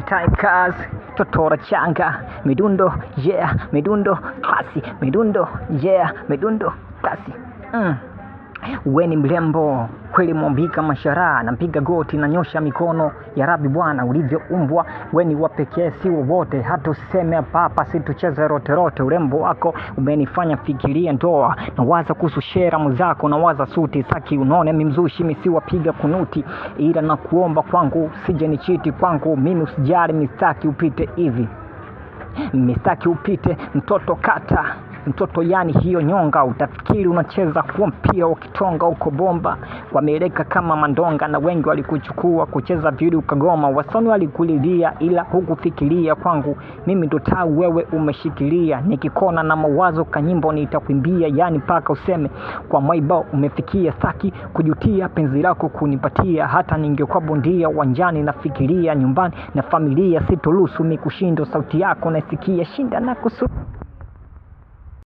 Time Cars, totora changa, midundo yeah, midundo kasi, midundo yeah, midundo kasi mm we ni mrembo kweli, mwambika masharaha, napiga goti na nyosha mikono ya Rabi, Bwana ulivyoumbwa we ni wapekee, si wowote, hata useme papa, si tucheze roterote. Urembo wako umenifanya fikiria ndoa, nawaza kuhusu sheramu zako, nawaza suti saki unone mimzushi, mimi si wapiga kunuti, ila na kuomba kwangu, sije nichiti kwangu, mimi usijali mistaki upite hivi misaki upite, mtoto kata mtoto, yani hiyo nyonga, utafikiri unacheza kuwa mpira wa kitonga huko bomba, wameleka kama mandonga, na wengi walikuchukua kucheza vili ukagoma, Wasoni walikulilia, ila hukufikiria kwangu mimi ndo tau wewe umeshikilia, nikikona na mawazo kanyimbo nitakwimbia, yani mpaka useme kwa maiba umefikia, saki kujutia penzi lako kunipatia, hata ningekuwa bondia uwanjani, nafikiria nyumbani na familia, sitolusu mikushindo sauti yako na Mas q u ia s x i n d a na c u n s u l t